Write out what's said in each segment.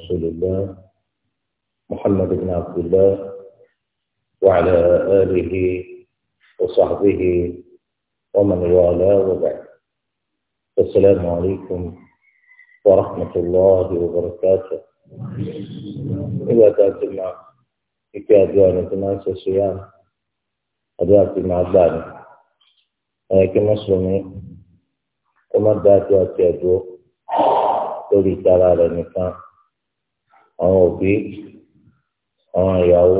رسول الله محمد بن عبد الله وعلى آله وصحبه ومن والاه وبعد السلام عليكم ورحمة الله وبركاته إذا تأتينا إكي أدوان الناس الصيام أدواتي مع الداني ولكن مسلمي ومدات يأتي أدوه lórí ìtara rẹ̀ àwọn òbí àwọn ìyàwó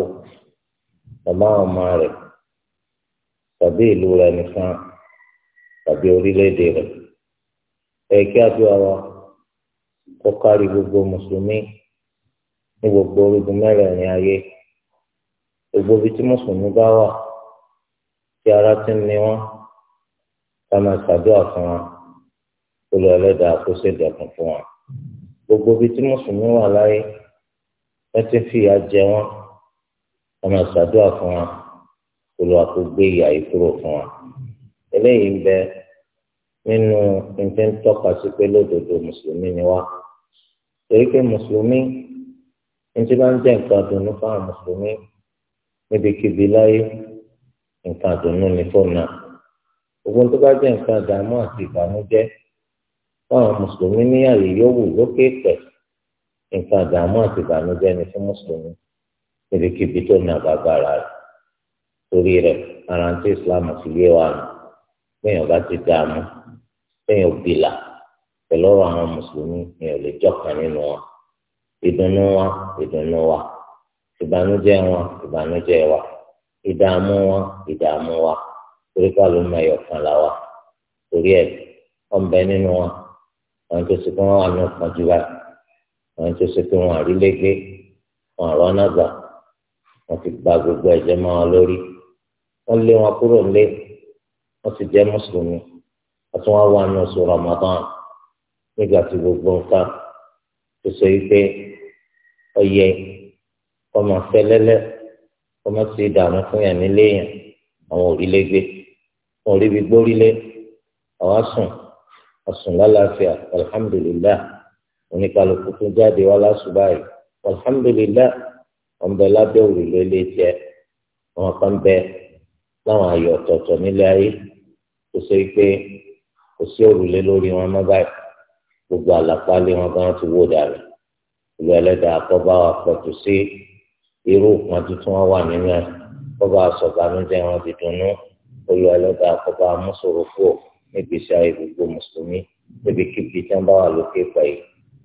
bàbá àwọn ọmọ rẹ̀ tàbí ìlú rẹ̀ nìkan tàbí orílẹ̀-èdè rẹ̀ ẹ̀ kí àdúrà wa kó kárí gbogbo mùsùlùmí ní gbogbo orígun mẹ́rẹ̀ẹ̀rin ayé gbogbo ibi tí mùsùlùmí bá wà tí ara ti ń ni wọn ká máa ṣàdúrà fún wa olùẹlẹ́dàá kó ṣèdẹ̀kùn fún wa gbogbo ibi tí mùsùlùmí wà láyé ẹ ti fi ìyà jẹ wọn ẹ máa ṣàdúrà fún wa olùwà kò gbé ìyà yìí kúrò fún wa eléyìí ń bẹ nínú nǹkan ń tọ́ka sí pé lódodo mùsùlùmí ni wá torí pé mùsùlùmí ní ti bá ń jẹ́ nǹkan àdùnnú fáwọn mùsùlùmí níbikíbi láyé nǹkan àdùnnú ni fóònù náà ogun tó bá jẹ́ nǹkan àdàmú àti ìbànújẹ́ fáwọn mùsùlùmí níyàlè yóò wù lókè pẹ̀lú. nǹkan àdààmú àti ìbànújẹ́ ni fún mùsùlùmí níbikíbi tó ní àbágbára rẹ̀ torí rẹ̀ ara ń tí islam fi yé wa nù ọba ti dààmú òbílà pẹ̀lú àwọn mùsùlùmí ni ò lè nínú ìdùnnú wa ìdùnnú wa ìbànújẹ́ ìbànújẹ́ wa ìdààmú ìdààmú wa torí wa torí ẹ̀ ọ̀nbẹ nínú tó ti kọ́ ní àwọn tó ṣe pé wọn àrílégbé wọn àrọ́nà gbà wọn ti gba gbogbo ẹ̀jẹ̀ mọ́ wọn lórí wọn lé wọn kúrò nílé wọn sì jẹ́ mùsùlùmí wọn tún wá wà ní oṣù Ramadan nígbà tí gbogbo nǹkan tó ṣe pé ọyẹ ọmọ fẹlẹlẹ ọmọ ti dààmú fún yàn nílé yàn àwọn òrílégbé wọn ò ríbi gbórílé àwọn sùn àsùn lálàáfíà alhamdulilayi oníkàlùkù tó jáde wá lásùbà yìí alhamdulilayi wọn bẹ lábẹ́ òrùlé lè jẹ àwọn kan bẹ láwọn àyè ọ̀tọ̀ọ̀tọ̀ nílé ayé kò sí pé kò sí òrùlé lórí wọn má báyìí gbogbo àlàpà lé wọn gan ti wó dàrú ìlú ẹlẹ́dàá kọ́ba wa pọ̀tù sí irú òpin tuntun wọn wà nínú ẹ̀ kọ́ba sọ̀bánújẹ́ wọn ti dunnú olú ẹlẹ́dàá kọ́ba amúṣòro fò níbi iṣẹ́ ayé gbogbo mùsùlùmí níbi kíbi tí wọ́n bá wà lókè pẹ̀lú.